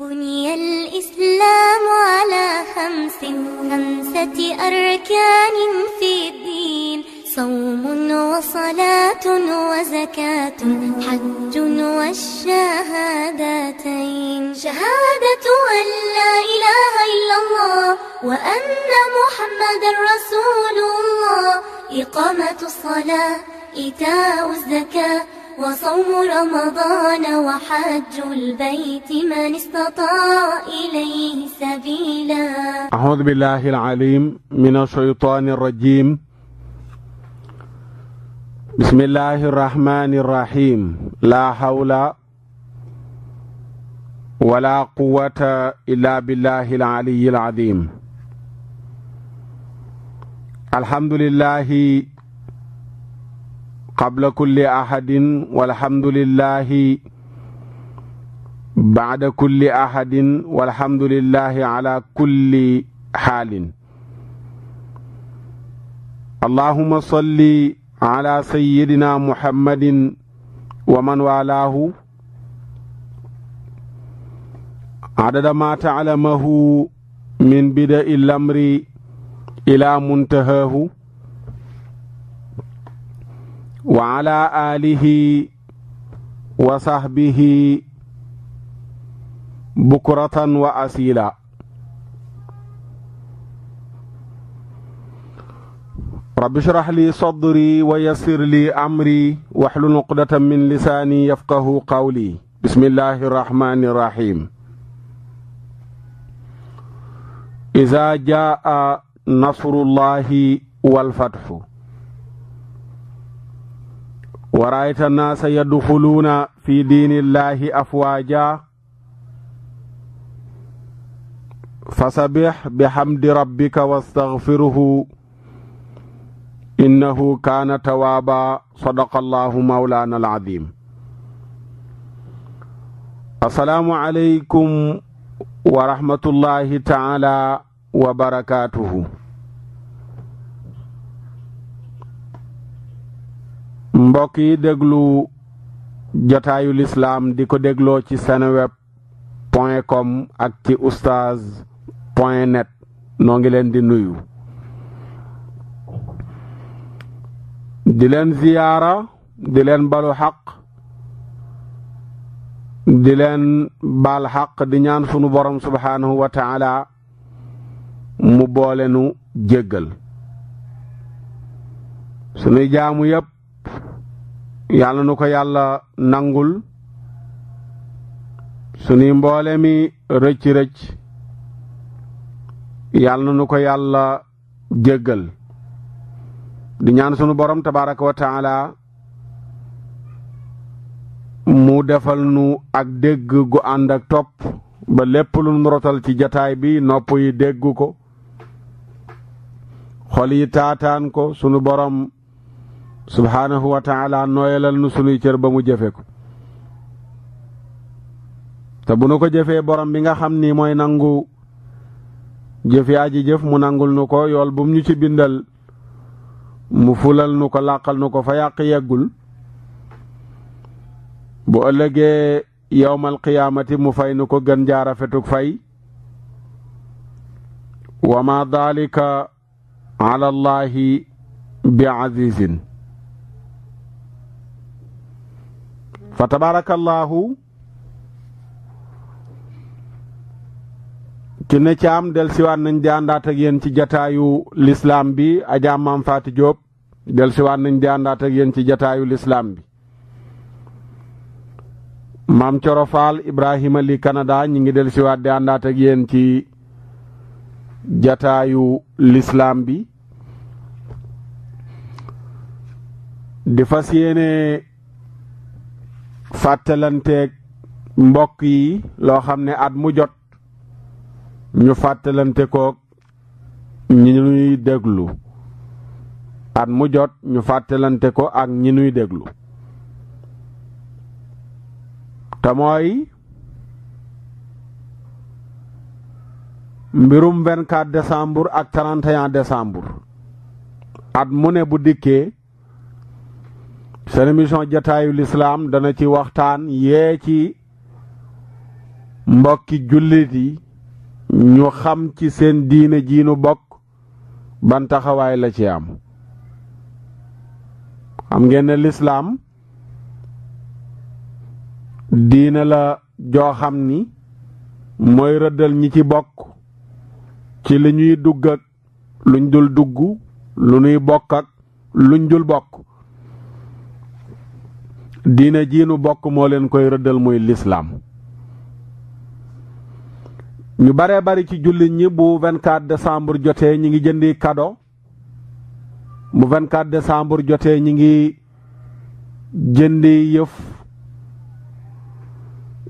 بني الإسلام على خمس خمسة أركان في الدين صوم وصلاة وزكاة حج والشهادتين شهادة أن لا إله إلا الله وأن محمد رسول الله إقامة الصلاة إيتاء الزكاة وصوم رمضان وحج البيت من استطاع إليه سبيلا أعوذ بالله العليم من الشيطان الرجيم بسم الله الرحمن الرحيم لا حول ولا قوة إلا بالله العلي العظيم الحمد لله قبل كل أحد والحمد لله بعد كل أحد والحمد لله على كل حال اللهم صل على سيدنا محمد ومن والاه عدد ما تعلمه من بدء الأمر إلى منتهاه وعلى آله وصحبه بكرة وأسيلا رب اشرح لي صدري ويسر لي أمري واحلل نقدة من لساني يفقه قولي بسم الله الرحمن الرحيم إذا جاء نصر الله والفتح ورأيت الناس يدخلون في دين الله أفواجا فسبح بحمد ربك واستغفره إنه كان توابا صدق الله مولانا العظيم السلام عليكم ورحمة الله تعالى وبركاته mbokk yi déglu jotaayu lislaam di ko dégloo ci seneweb point com ak ci oustaz point net noo ngi leen di nuyu di leen ziyaara di leen balu xaq di leen baal xaq di ñaan sunu borom subhaanahu wa mu boole nu jéggal sunuy jaamu yépp yàlla nu ko yàlla nangul suñuy mboole mi rëcc rëcc yàlla nu ko yàlla jéggal di ñaan sunu borom tabaraka wa taala mu defal nu ak dégg gu ànd ak topp ba lépp lu nu rotal ci jataay bi nopp yi dégg ko xol yi taataan ko sunu borom subhaanahu wa taala nooyalal nu sunuy cër ba mu jëfe ko te bu nu ko jëfee borom bi nga xam ni mooy nangu jëf yaa ji jëf mu nangul nu ko yool bu mu ñu ci bindal mu fulal nu ko làqal nu ko fa yàq yeggul bu ëllëgee yowmal qiyaamati mu fay nu ko gën jaara fetug fay wa ma daalika ala allahi bi azizin fa tabaarakallaahu ki ne caam del siwaat nañ di àndaat ci jataayu lislaam bi ajaam maam faati Jóob del nañ di àndaat ci jataayu lislaam bi maam Coro Faal Ibrahima li Canada ñi ngi del siwaat di àndaat ci jataayu lislaam bi di fas yéene fàttalanteeg mbokk yi loo xam ne at mu jot ñu fàttalante ko ñi ñuy déglu at mu jot ñu fàttalante ko ak ñi ñuy déglu te mooy mbirum 24 décembre ak 31 décembre at mu ne bu dikkee seen émission jataayu lislaam dana ci waxtaan yee ci mbokki jullit yi ñu xam ci seen diine jiinu bokk ban taxawaay la ci am xam ngeen ne lislaam diine la joo xam ni mooy rëddal ñi ci bokk ci li ñuy dugg ak luñ dul dugg lu ñuy bokk ak luñ dul bokk diine jiinu bokk moo leen koy rëddal muy lislaam ñu baree bari ci jullit ñi bu 24 décembre jotee ñi ngi jëndi cadeau bu 24 décembre jotee ñi ngi jëndi yëf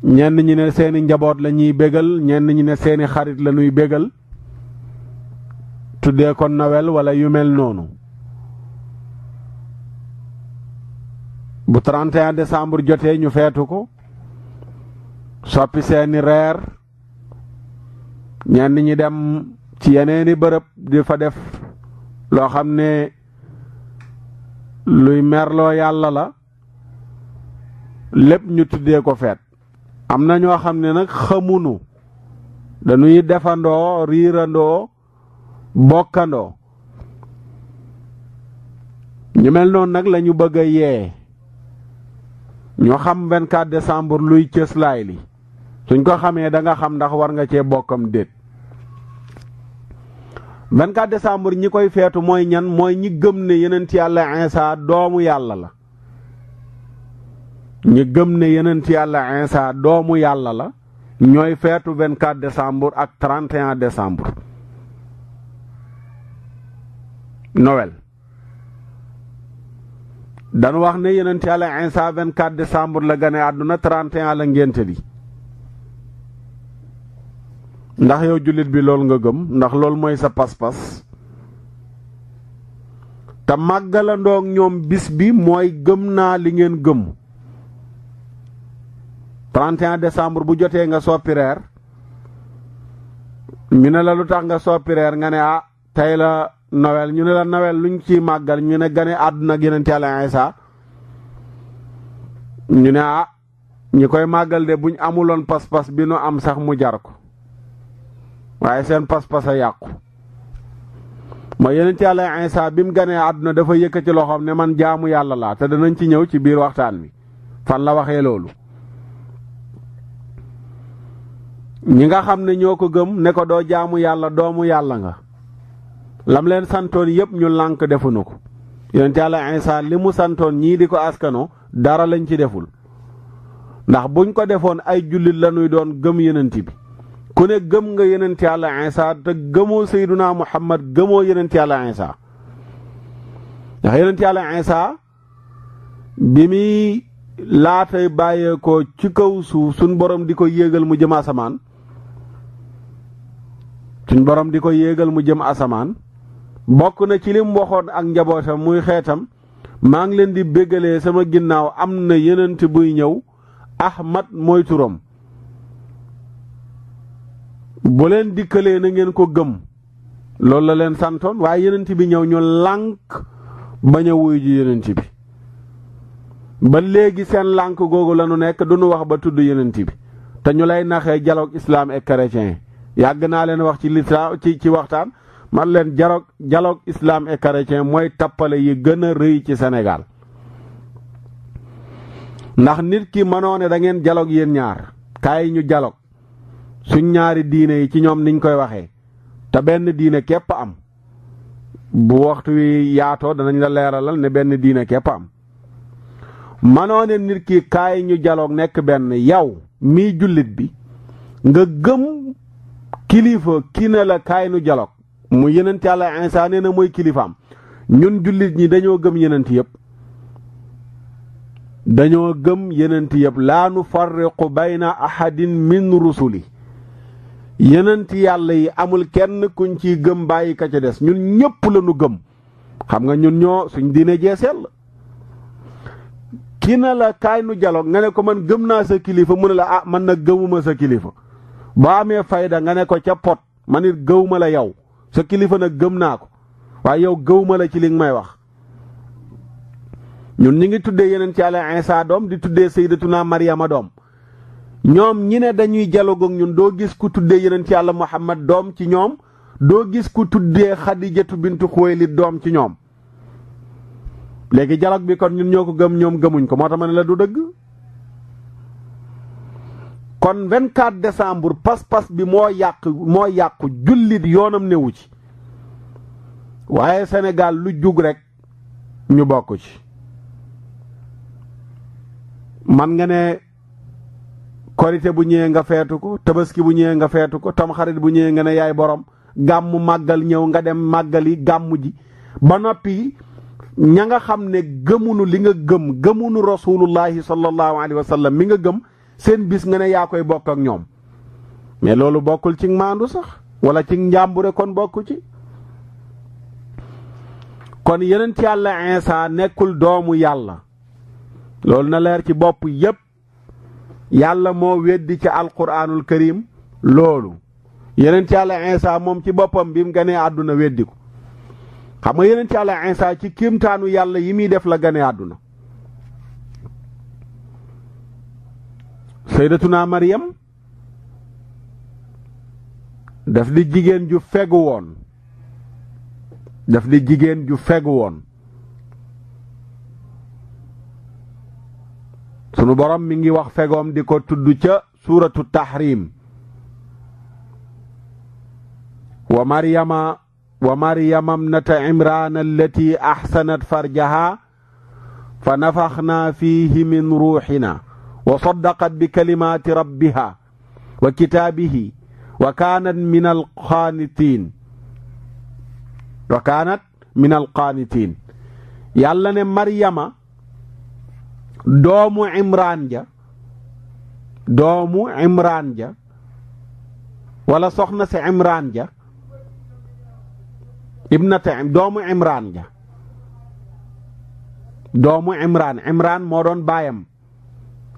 ñenn ñi ne seeni njaboot la ñuy bégal ñenn ñi ne seeni xarit lañuy ñuy bégal tuddee ko nawel wala yu mel noonu bu 31 décembre jotee ñu feetu ko soppi seeni reer ñenn ñi dem ci yeneeni bërëb di fa def loo xam ne luy merloo yàlla la lépp ñu tuddee ko feet am na ñoo xam ne nag xëmunu dañuy defandoo riirandoo bokkandoo ñu mel noon nag lañu bëgg a yee ñu xam 24 décembre luy cëslaay li suñ ko xamee da nga xam ndax war nga cee bokkam déet 24 décembre ñi koy feetu mooy ñan mooy ñi gëm ne yenent yàlla Insa doomu yàlla la ñi gëm ne yenent yàlla Insa doomu yàlla la ñooy feetu 24 décembre ak 31 décembre Noël danu wax ne yonent yàlla Insa 24 décembre la gane àdduna 31 la ngénte li ndax yow jullit bi loolu nga gëm ndax loolu mooy sa pas-pas te màggalandoo ñoom bis bi mooy gëm naa li ngeen gëm 31 décembre bu jotee nga soppi ñu ne la lu tax nga soppi nga ne ah tey la Noël ñu ne la Noël luñ ciy màggal ñu ne gane àdduna ak yeneen yàlla Isaa ñu ne ah ñi koy màggal de buñ amuloon pas-pas bi nu am sax mu jar ko waaye seen pas-pas a yàqu. mooy yeneen yàlla Isaa bi mu ganee àdduna dafa yékk yëkkati loxoom ne man jaamu yàlla laa te danañ ci ñëw ci biir waxtaan wi fan la waxee loolu. ñi nga xam ne ñoo ko gëm ne ko doo jaamu yàlla doomu yàlla nga. lam leen santoon yëpp ñu lànk defuñu ko yonent yàlla Isa li mu santoon ñii di ko askanoo dara lañ ci deful ndax buñ ko defoon ay jullit lañuy doon gëm yonent bi ku ne gëm nga yonent yàlla Isa te gëmoo Seyduna Muhammad gëmoo yonent yàlla Isa ndax yonent yàlla Isa bi muy laatay ko ci kaw suuf suñ borom di ko yéegal mu jëm asamaan suñ borom di ko yéegal mu jëm asamaan bokk na ci lim waxoon ak njabootam muy xeetam maa ngi leen di béggalee sama ginnaaw am na yenent buy ñëw ahmad mooy turam bu leen dikkalee na ngeen ko gëm loolu la leen santoon waaye yenent bi ñëw ñu lànk bañ a ji yenent bi ba léegi seen lànk googu lañu nekk duñu wax ba tudd yenent bi te ñu lay naxee dialogue islaam et chrétien yàgg naa leen wax ci lislaam ci ci waxtaan man leen dialogue dialogue islam et mooy tappale yi gën a rëy ci Sénégal ndax nit kii mënoone ne da ngeen dialogue yéen ñaar kaay ñu dialogue suñ ñaari diine yi ci ñoom niñ koy waxee te benn diine képp am bu waxtu wi yaatoo danañ la leeralal ne benn diine képp am mënoo ne nit ki kaay ñu dialogue nekk benn yaw mii jullit bi nga gëm kilifa ki ne la kaay nu mu yenent yàlla Insa nee na mooy kilifaam ñun jullit ñi dañoo gëm yenent yëpp dañoo gëm yenent yëpp laa nu farriqu na ahadin min rusuli yenent yàlla yi amul kenn kuñ ciy gëm bàyyi ko ca des ñun ñëpp lanu gëm xam nga ñun ñoo suñ diine jeeseel la ki na la kaay nu jaloog nga ne ko man gëm naa sa kilifa mu ne la a ah, man na gëmuma sa kilifa boo amee fayda nga ne ko ca pot man it la yow sa kilifa nag gëm naa ko waaye yow gëwuma la ci li nga may wax ñun ñi ngi tuddee yeneen ci Yàlla Isa doom di tuddee sayyidatuna Maryama doom ñoom ñi ne dañuy dialogue ak ñun doo gis ku tuddee yeneen ci Yàlla Muhammad doom ci ñoom doo gis ku tuddee Xadijatu bintu Xuwaylid doom ci ñoom léegi dialogue bi kon ñun ñoo ko gëm ñoom gëmuñ ko moo tax ma ne la du dëgg kon 24 décembre pas-pas bi moo yàq moo yàqu jullit yoonam newu ci waaye Sénégal lu jug rek ñu bokk ci man nga ne korité bu ñëwee nga feetu ko tabaski bu ñëwee nga feetu ko tamxarit bu ñëwee nga ne yaay borom gàmmu màggal ñëw nga dem màggali gàmmu ji ba noppi ña nga xam ne gëmunu li nga gëm gëmunu rasulullahi sallallahu alayhi wa sallam mi nga gëm seen bis nga ne yaa koy bokk ak ñoom mais loolu bokkul ci maandu sax wala ci njàmbure kon bokku ci kon yonent yàlla Iisaa nekkul doomu yàlla loolu na leer ci bopp yépp yàlla moo weddi ci alquraanul karim loolu yonent yàlla Iisaa moom ci boppam bi mu ganee àdduna weddi ko xam nga yonent yàlla Iisaa ci kéemtaanu yàlla yi muy def la ganee àdduna سيدتنا مريم داف جيجين جو فغو وون جيجين جو فغو وون سونو بروم ميغي واخ فغوم ديكو تودو تيا سوره التحريم ومريم ومريم امنه عمران التي احسنت فرجها فنفخنا فيه من روحنا wa saddaqat bi kalimaati rabbiha wa kitaabihi wa kaanat min alqaanitiin wa kaanat ne maryama doomu imraan ja doomu imraan ja wala soxna si imraan ja doomu imraan ja doomu imraan imraan moo doon baayam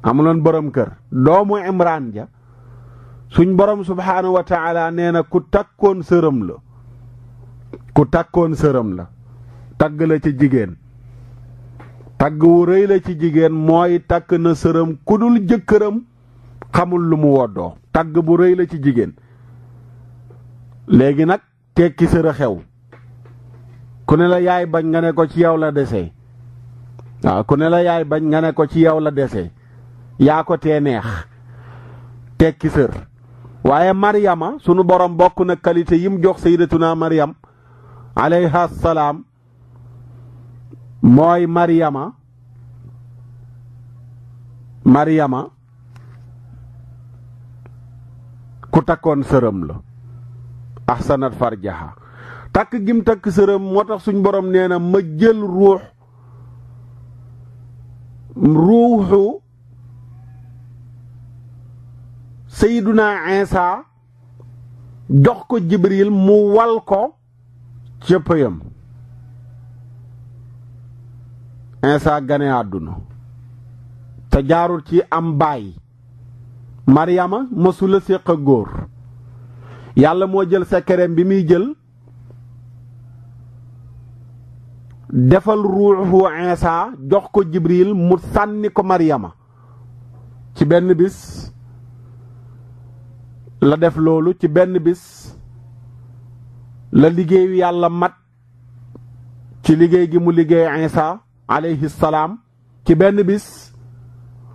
amuloon borom kër doomu imraan ja suñ borom subhaanahu wa nee na ku takkoon sërëm la ku takkoon sërëm la tagg la ci jigéen tagg wu rëy la ci jigéen mooy takk na sërëm ku dul jëkkëram xamul lu mu woddoo tagg bu rëy la ci jigéen léegi nag tekki sër xew ku ne la yaay bañ nga ne ko ci yow la desee waaw ku ne la yaay bañ nga ne ko ci yow la desee yaa ko tee neex tekki sër waaye maryama sunu borom bokk na qualité yim jox sayyidatuna maryam alayha salaam mooy maryama maryama ku takkoon sërëm la ahsanat farjaha takk gim takk sërëm moo tax suñ borom nee na ma jël ruux ruuxu sayduna Isa jox ko Jibril mu wal ko ca pëyam gane àdduna te jaarul ci am baay Maryama mësula séq ak góor yàlla moo jël sekkereem bi muy jël defal ruuxu Isa jox ko Jibril mu sànni ko Maryama ci benn bis la def loolu ci benn bis la liggéeyu yàlla mat ci liggéey gi mu liggéey Isa alayhi salaam ci benn bis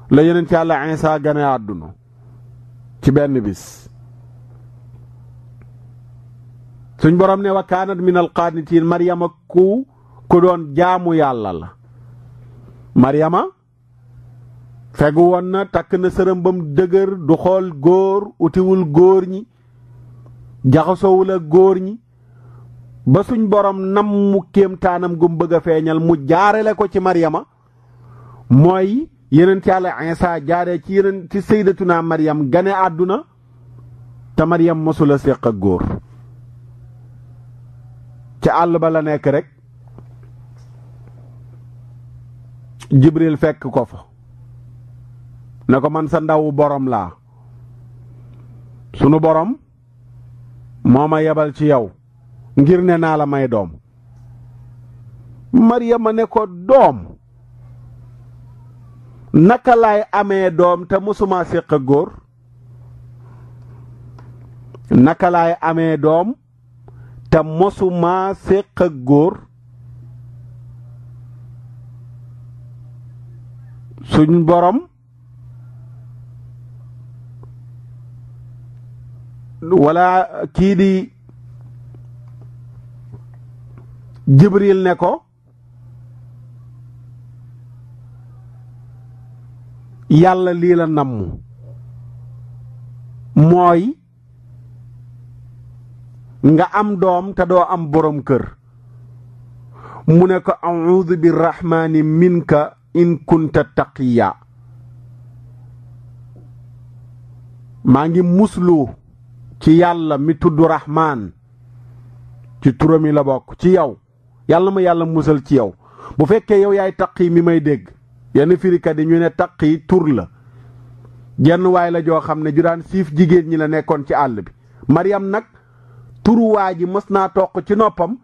la yonent yàlla Isa gane àdduna ci benn bis suñ borom ne wa kaanat min ku doon jaamu yàlla la Maryama fegu won na takk na sërëm bam dëgër du xool góor utiwul góor ñi jaxasoowul góor ñi ba suñ borom nam mu kéemtaanam gum bëgg a feeñal mu jaarale ko ci Maryama mooy yenent yàlla Isa jaaree ci yeneen ci sayyidatuna Maryam gane àdduna te Maryam mosula séq góor ca àll ba la nekk rek Jibril fekk ko fa ne ko man sa ndawu borom laa sunu borom moo ma yebal ci yow ngir ne naa la may doom Maryama ne ko doom naka laay amee doom te mësuma séq góor naka laay amee doom te mësuma séq ak góor suñ borom wala kii di jibril ne ko yàlla liila la namm mooy nga am doom te doo am borom kër mu ne ko audu bi rahmaani minka in kunta taqiya maa ngi muslu ci yàlla mi tudd rahmaan ci turam yi la bokk ci yow yàlla ma yàlla musal ci yow bu fekkee yow yaay taqi mi may dégg yenn firikat yi ñu ne taqi tur la jenn waay la joo xam ne ju siif jigéen ñi la nekkoon ci àll bi Mariam nag turuwaa ji mës naa toq ci noppam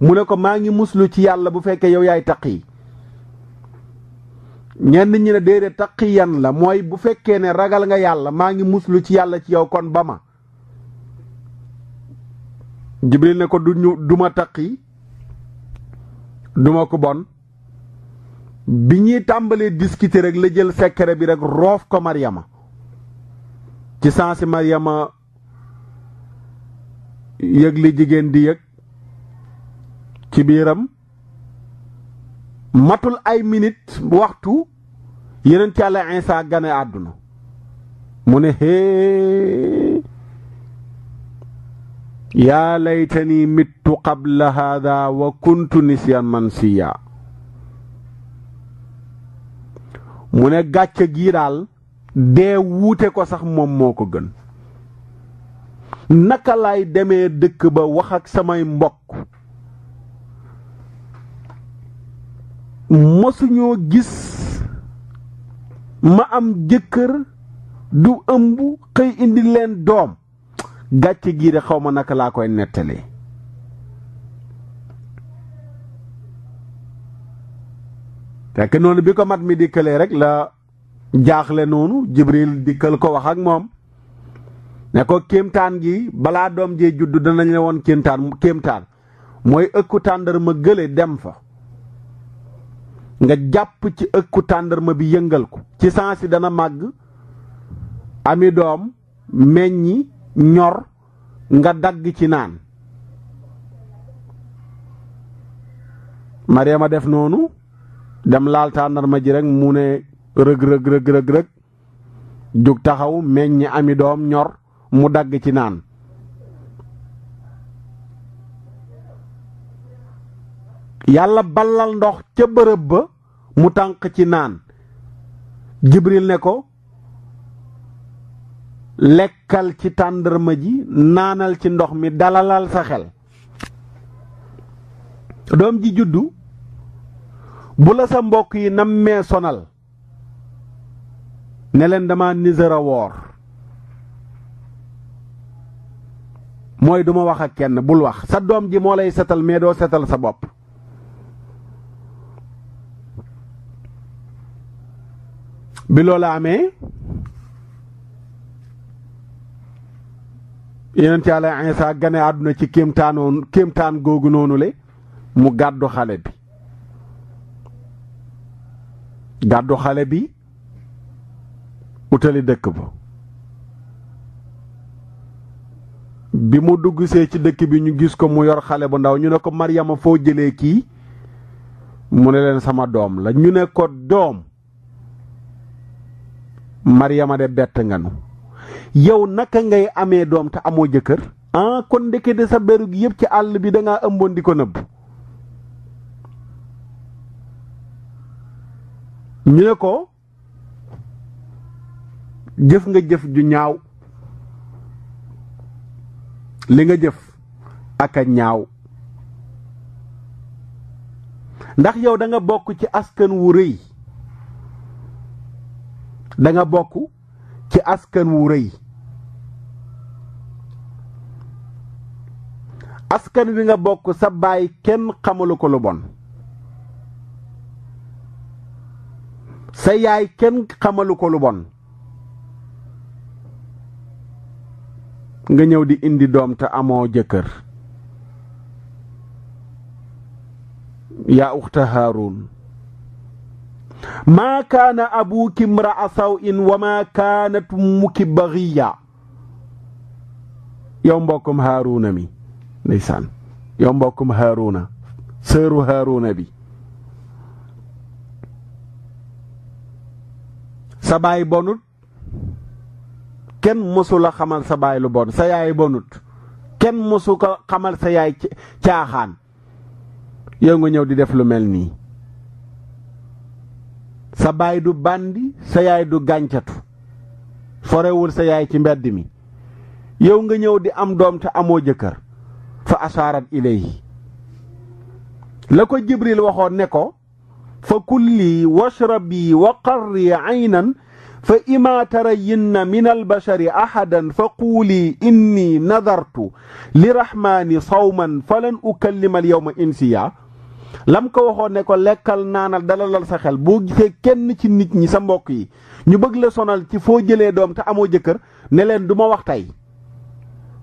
mu ne ko maa ngi muslu ci yàlla bu fekkee yow yaay taqi ñenn ñi ne déedéet taqiyan la mooy bu fekkee ne ragal nga yàlla maa ngi muslu ci yàlla ci yow kon ba ma jibril ne ko du ñu du ma taqi du ma ko bon bi ñuy tàmbalee discuter rek la jël secret bi rek roof ko Mariama ci sensi Mariama yëg li jigéen di yég ci biiram matul ay minit waxtu yeneen ci Yàlla Insa gane àdduna mu ne hee yaa laytani mittu qabla hada wa kuntu nisyan mansiya mu ne gàcce gii daal dee wuute ko sax moom moo ko gën naka lay demee dëkk ba wax ak samay mbokk mosuñoo gis ma am jëkkër du ëmb xëy indi leen doom gàcce gii de xaw ma naka laa koy nettali fekk noonu bi ko mat mi dikkalee rek la jaaxle noonu Jibril dikkal ko wax ak moom ne ko kéemtaan gi balaa doom jee judd danañ la woon mu kéemtaan mooy ëkku tàndarma gële dem fa nga jàpp ci ëkku tàndarma bi yëngal ko ci si dana màgg ami doom meññi ñor nga dagg ci naan Mariama def noonu dem laal tàndarma ji rek mu ne rëg rëg rëg rëg rëg jug taxaw meññ ami doom ñor mu dagg ci naan yàlla ballal ndox ca bërëb ba mu tànq ci naan jibril né ko lekkal ci tàndarma ji naanal ci ndox mi dalalal sa xel doom ji juddu bu la sa mbokk yi nam sonal ne leen dama nisara woor mooy duma wax ak kenn bul wax sa doom ji moo lay setal mais doo setal sa bopp bi loola amee yonent yàlla Iisaa gane àdduna ci kéemtaanoon kéemtaan googu noonu le mu gàddu xale bi gàddu xale bi utali dëkk ba bi mu duggsee ci dëkk bi ñu gis ko mu yor xale bu ndaw ñu ne ko Maryama foo jëlee kii mu ne leen sama doom la ñu ne ko doom Maryama de bett nganu yow naka ngay amee doom te amoo jëkkër ah kon ndekete sa beru gi yëpp ci àll bi danga ngaa ëmboon di ko ñu ne ko jëf nga jëf ju ñaaw li nga jëf aka ñaaw ndax yow danga bokk ci askan wu rëy danga bokk ci askan wi nga bokk sa baay kenn xamalu ko lu bon sa yaay kenn xamalu ko lu bon nga ñëw di indi doom te amoo jëkkër yaa uxta Haaruun maa kaana abuki mraa saw in wa maa kaanat ummuki baxiya yow mbokkum haaruna mi ndeysaan yow mbokkum haaruna sëru haaruna bi sa baay bonut kenn mësul a xamal sa baay lu bon sa yaay bonut kenn mësu ko xamal sa yaay caaxaan yow nga ñëw di def lu mel nii sa baay du bandi sa yaay du gàncatu forewul sa yaay ci mbedd mi yow nga ñëw di am doom ca amoo jëkkër fa asaarat ilayhi la ko jibril waxoon ne ko fa kulli washrabi wa qarri aynan fa ima tarayinna min albashari ahadan fa quuli inni nadartu lirahmaani sawman falan ukallima alyawma insiya lam ko waxoon ne ko lekkal naanal dalalal sa xel boo gisee kenn ci nit ñi sa mbokk yi ñu bëgg la sonal ci foo jëlee doom te amoo jëkkër ne leen duma ma wax tey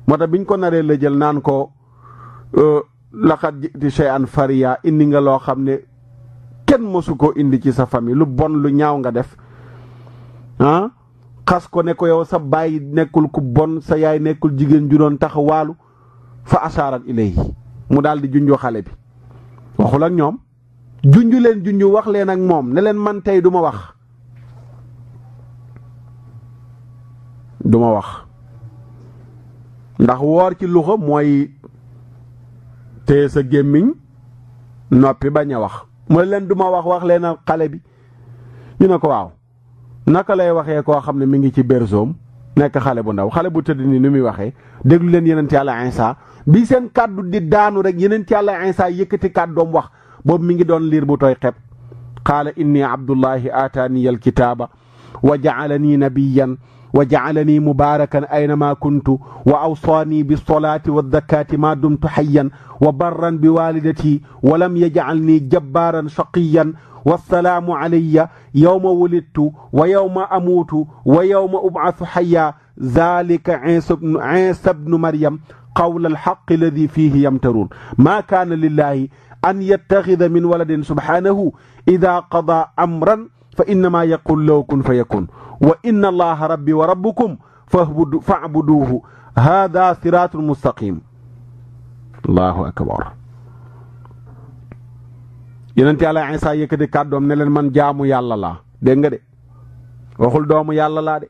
moo tax biñ ko naree la jël naan ko euh, laqad jiti shay'an fariya indi nga loo xam ne kenn mosu koo indi ci sa famille lu bon lu ñaaw nga def ah xas ko ne ko yow sa baay nekkul ku bon sa yaay nekkul jigéen ju doon taxawaalu fa asaarat ilayhi mu daal di junjoo xale bi waxul ak ñoom junj leen junj wax leen ak moom ne leen man tey du ma wax du ma wax ndax woor ci luxa mooy téye sa gémmiñ noppi bañ a wax mooy leen du ma wax wax leen ak xale bi ñu ne ko waaw naka lay waxee koo xam ne mi ngi ci berzoom nekk xale bu ndaw xale bu tëdd nii nu muy waxee déglu leen yeneen ci yàlla insa bi seen kàddu di daanu rek yeneen ci yàlla Iisaa yëkkati kàddoom wax boobu mi ngi doon liir bu tooy xeb qaala inni abdullahi aataaniya alkitaaba wa jacalanii nabiyan wa jacalanii mubaarakan aynama kuntu wa awsaanii bisolaati waddakaati maa dumtu xayyan wa barran bi waalidatii wa lam yajcalnii jabbaaran shaqiyan wassalaamu calaya yowma wulidtu wa yowma amuutu wa yowma ubcasu xayya zaalika ciisa bnu maryam قول الحق الذي فيه يمترون ما كان لله أن يتخذ من ولد سبحانه إذا قضى أمرا فإنما يقول لو كن فيكون وإن الله ربي وربكم فاعبدوه هذا صراط مستقيم الله أكبر ينتي على عيسى يكد kàddoom ne leen man jaamu yàlla لا dégg nga de waxul doomu لا دي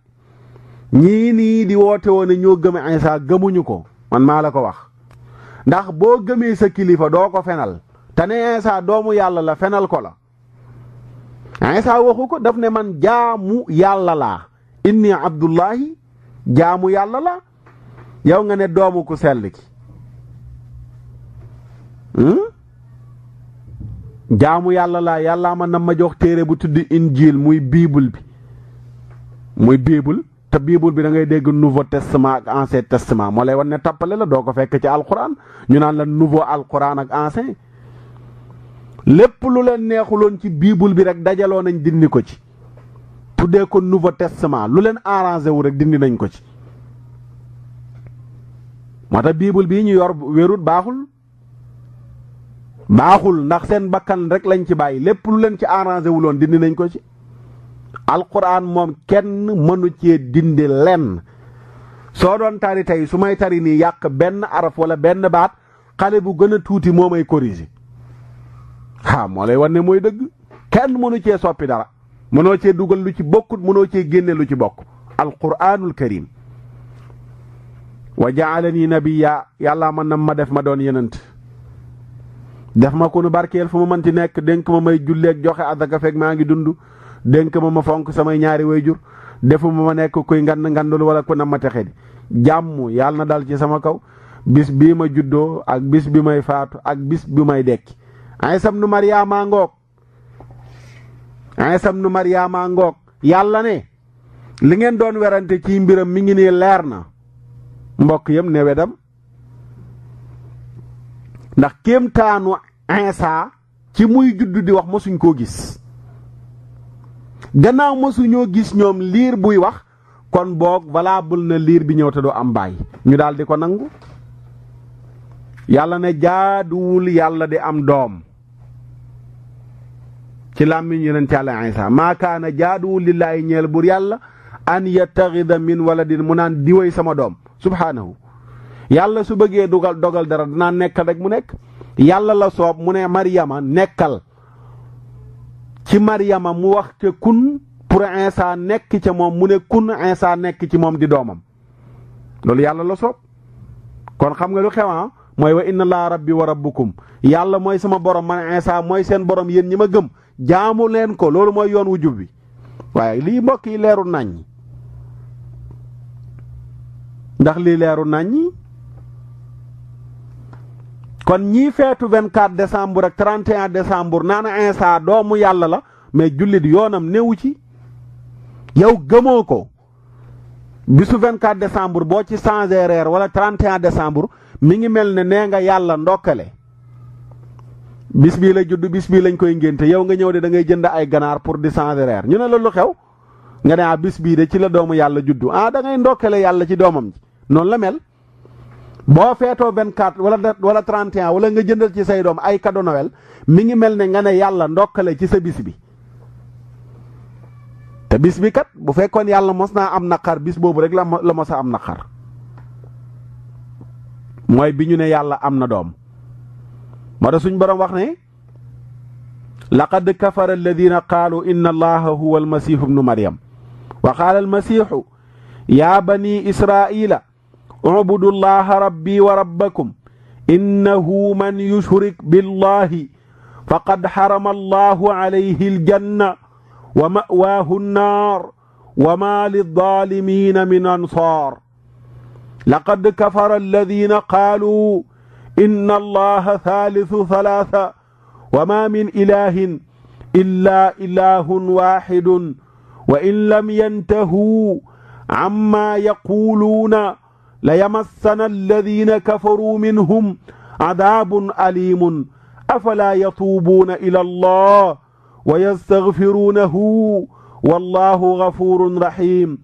ني ني دي ووتو ني woon گم عيسى گمو نيو man maa la ko wax ndax boo gëmee sa kilifa doo ko fenal te ne doomu yàlla la fenal ko la Isaa waxu ko daf ne man jaamu yàlla laa inni abdullahi jaamu yàlla la yow nga ne doomu ku sell ki hmm? jaamu yàlla laa yàllaa man na ma jox téere bu tudd injil muy biibul bi muy biibul te biibul bi da ngay dégg nouveau testament ak ancien testament moo lay wan ne tappale la doo ko fekk ci alquran ñu naan la nouveau alquran ak ancien lépp lu leen neexuloon ci biibul bi rek dajaloo nañ dindi ko ci tuddee ko nouveau testament lu leen arrangé wu rek dindi nañ ko ci moo tax biibul bii ñu yor wérut baaxul baaxul ndax seen bakkan rek lañ ci bàyyi lépp lu leen ci arrangé wuloon dindi nañ ko ci alquran moom kenn mënu cee dindi lenn soo doon tari tey su may tari nii yàq benn araf wala benn baat xale bu gën a tuuti moo may corrigé ah moo lay wan ne mooy dëgg kenn mënu cee soppi dara mënoo cee dugal lu ci bokkut mënoo cee génne lu ci bokk alquranul karim wa jaalani nabiya yàllaa man nam ma def ma doon yenant def ma ko nu barkeel fu ma ci nekk dénk ma may julleeg joxe azaka fekk maa ngi dund dénk ma ma fonk samay ñaari wayjur defuma ma nekk kuy ngand ngandul wala ku nam texe di jàmm yàlla na dal ci sama kaw bis bii ma juddoo ak bis bi may faatu ak bis bi may dekki ay sam nu maryaama ngoog ay sam nu maryaama ngoog yàlla ne li ngeen doon werante ci mbiram mi ngi nii leer na mbokk yam ne wedam ndax kéemtaanu insa ci muy juddu di wax masuñ koo gis gannaaw mosuñoo gis ñoom liir buy wax kon boog valable na liir bi ñëw te du am baay ñu daal ko nangu yàlla ne jaaduwul yàlla di am doom ci làmmiñ yonent yàlla Isa maa kaana jaaduwul lillaahi ñeel bur yàlla an yattaxida min waladin mu naan diwéy sama doom subhaanahu yàlla su bëggee dogal dogal dara danaa nekkal rek mu nekk yàlla la soob mu ne Maryama nekkal ci Maryama mu wax ca kun pour Insa nekk ca moom mu ne kun Insa nekk ci moom di doomam loolu yàlla la kon xam nga lu xewan ah, mooy wa inna laa rabbi wa rabbukum yàlla mooy sama borom man Insa mooy seen borom yéen ñi ma gëm jaamu leen ko loolu mooy yoon wu jub bi waaye lii mbokk yi leeru nañ ndax lii leeru nañ kon ñii feetu 24 décembre ak 31 décembre naan Insa doomu yàlla la mais jullit yoonam néewu ci yow gëmoo ko bisu 24 décembre boo ci changé reer wala 31 décembre mi ngi mel ne nee nga yàlla ndokkale bis bii la judd bis bii lañ koy ngénte yow nga ñëw de dangay ngay jënd ay ganaar pour di changé ñu ne la lu xew nga ne a ah, bis bii de ci la doomu yàlla juddu ah da ngay ndokkale yàlla ci doomam ji noonu la mel. bo feto 24 wala wala 31 wala nga jëndal ci say doom ay cadeau Noël mi ngi mel nga ne yalla ndokkale ci sa bis bi te bis bi kat bu fekkone yalla mosna am nakar bis bobu rek la mosa am nakar moy biñu ne yalla am na doom moo tax suñ borom wax ne laqad kafara alladhina qalu inna allaha huwa almasihu ibn maryam wa qala almasihu ya bani israila اعبدوا الله ربي وربكم إنه من يشرك بالله فقد حرم الله عليه الجنة ومأواه النار وما للظالمين من أنصار لقد كفر الذين قالوا إن الله ثالث ثلاثة وما من إله إلا إله واحد وإن لم ينتهوا عما يقولون ليمسنا الذين كفروا منهم عذاب أليم أفلا يتوبون إلى الله ويستغفرونه والله غفور رحيم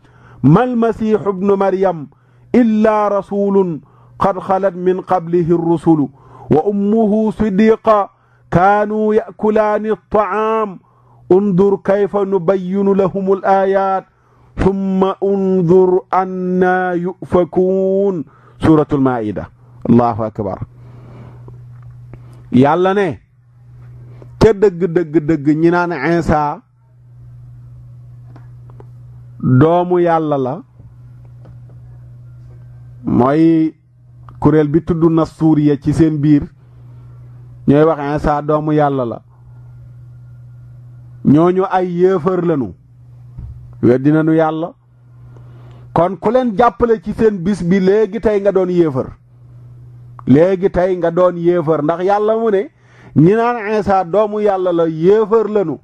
ما المسيح ابن مريم إلا رسول قد خلت من قبله الرسل وأمه صديقة كانوا يأكلان الطعام انظر كيف نبين لهم الآيات tumma undur annaa allahu akbar yàlla ne te dëgg dëgg dëgg ñi naan insa doomu yàlla la mooy kuréel bi tudd Nasuuriya ci seen biir ñooy wax insa doomu yàlla la ñooñu ay yéefar weddi nañu yàlla kon ku leen jàppale ci seen bis bi léegi tey nga doon yéefar léegi tey nga doon yéefar ndax yàlla mu ne ñi naan doomu yàlla la yéefar lanu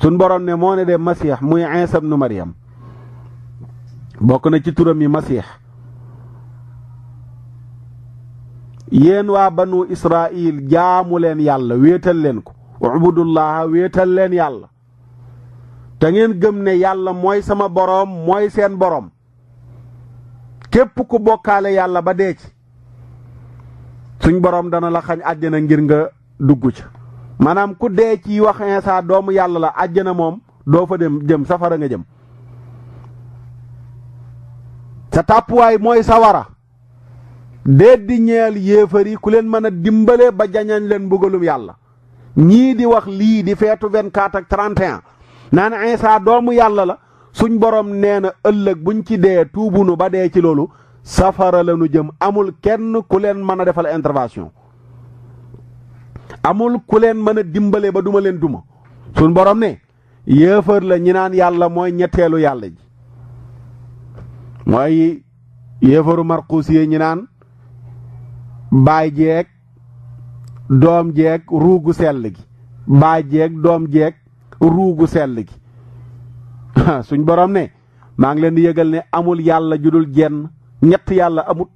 suñ borom ne moo ne de masiix muy Isa ibnu Maryam bokk na ci turam yi masiix yéen waa banu Israil jaamu leen yàlla wéetal leen ko ubudullaha wéetal leen yàlla da ngeen gëm ne yàlla mooy sama borom mooy seen borom képp ku bokkaale yàlla ba dee ci suñ borom dana la xañ àjjana ngir nga dugg ca maanaam ku dee ci wax insa doomu yàlla la àjjana moom doo fa dem jëm safara nga jëm sa tàppuwaay mooy sawara déet di ñeel yéefar yi ku leen mën a dimbale ba jañañ leen mbugalum yàlla ñii di wax lii di feetu 24 ak 31 naa ne Isa doomu yàlla la suñ borom nee na ëllëg buñ ci dee tuubunu ba dee ci loolu safara la nu jëm amul kenn ku leen mën a defal intervention amul ku leen mën a dimbale ba duma leen duma suñ borom ne yéefar la ñi naan yàlla mooy ñetteelu yàlla ji mooy yéefaru marquus yi ñi naan baay jeeg doom jeeg ruugu sell gi baay jeeg doom jeeg ruugu sell gi suñ borom ne maa ngi leen di yëgal amul yàlla judul jenn ñett yàlla amut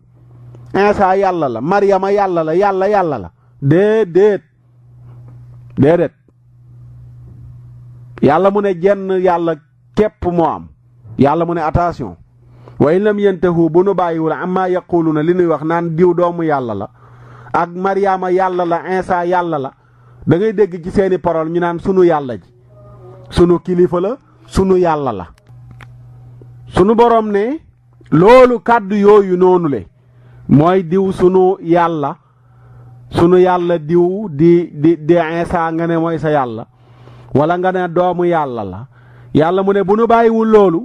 Insa yàlla la Maryama yàlla la yàlla yàlla la déedéet déedéet yàlla mu ne jenn yàlla képp moo am yàlla mu ne attention wa in lam yantahu bu nu bàyyiwul amma na li nuy wax naan diw doomu yàlla la ak Maryama yàlla la Insa yàlla la da dégg ci seeni parole ñu naan sunu yàlla ji sunu kilifa la sunu yàlla la sunu boroom ne loolu kàddu yooyu noonu le mooy diw sunu yàlla sunu yàlla diw di di di Iisaa nga ne mooy sa yàlla wala nga ne doomu yàlla la yàlla mu ne bu nu bàyyiwul loolu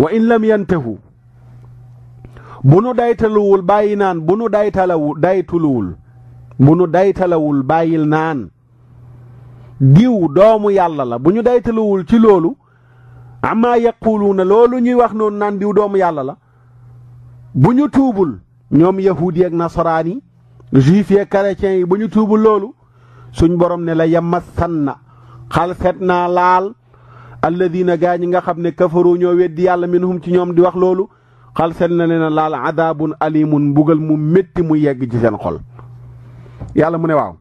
wa in lam yantahu bu nu daytaluwul bàyyi naan bu nu daytalawu daytuluwul bu nu daytalawul bàyyil naan diw doomu yàlla la bu ñu daytaluwul ci loolu amma yaquluuna loolu ñuy wax noonu naan diw doomu yàlla la bu ñu tuubul ñoom yahuud yi ak nasaraan yi juif yi yi bu ñu tuubul loolu suñ borom ne la yamassanna xalfet na laal alladina gaa ñi nga xam ne kafaru ñoo weddi yàlla minhum ci ñoom di wax loolu xalset na leen laal adaabun alimun mbugal mu métti mu yegg ci seen xol yàlla mu ne waaw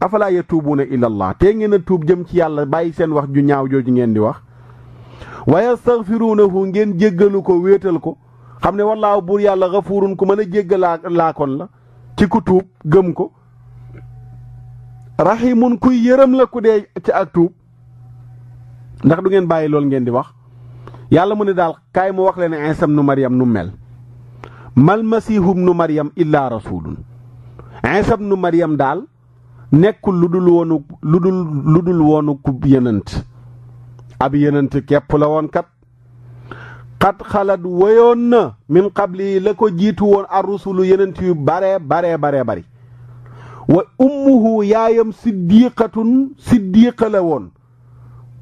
afalaa yatuubuuna ilallah tee ngeen a tuub jëm ci yàlla bàyyi seen wax ju ñaaw jooju ngeen di wax wa yastaghfiruunahu ngeen jéggalu ko wéetal ko xam ne wallaahu buur yàlla gafuurun ku mën a jéggalaa laakoon la ci ku tuub gëm ko rahimun kuy yërëm la ku dee ci ak tuub ndax du ngeen bàyyi loolu ngeen di wax yàlla mu ne daal kaay mu wax leen ne nu maryam nu mel mal masihum nu maryam illaa rasulun insam nu maryam daal nekkul lu dul woonu ku yenant ab yenant képp la woon kat xat xalat wayoon na min qabli la ko jiitu woon arusulu yenant yu bare baree baree bari wa ummuhu yaayam siddiqatun siddiqa la woon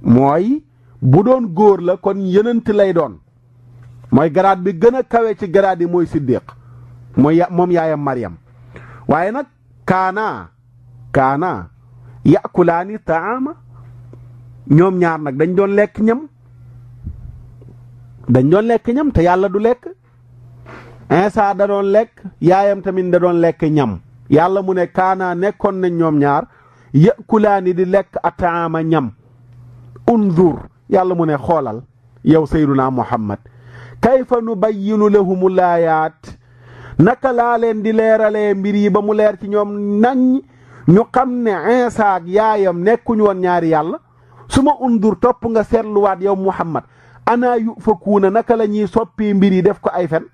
mooy bu doon góor la kon yenant lay doon mooy garaat bi gën a kawe ci garaat yi mooy siddiq mooy moom yaayam Maryam waaye nag kaanaa kaana yakulaani taama ñoom ñaar nag dañ doon lekk ñam dañ doon lekk ñam te yàlla du lekk Insa da doon lekk yaayam tamit da doon lekk ñam yàlla mu ne kaana nekkoon nañ ñoom ñaar yakulaani di lekk ataama ñam undur yàlla mu ne xoolal yow sayduna muhammad kayfa nubayyinu lahumu laayaat naka laa leen di leeralee mbir yi ba mu leer ci ñoom nañ ñu xam ne Insa yaayam nekkuñu woon ñaari yàlla su ma undur topp nga seetluwaat yow Muhammad ana yu fakuuna naka la ñuy soppi mbir yi def ko ay fen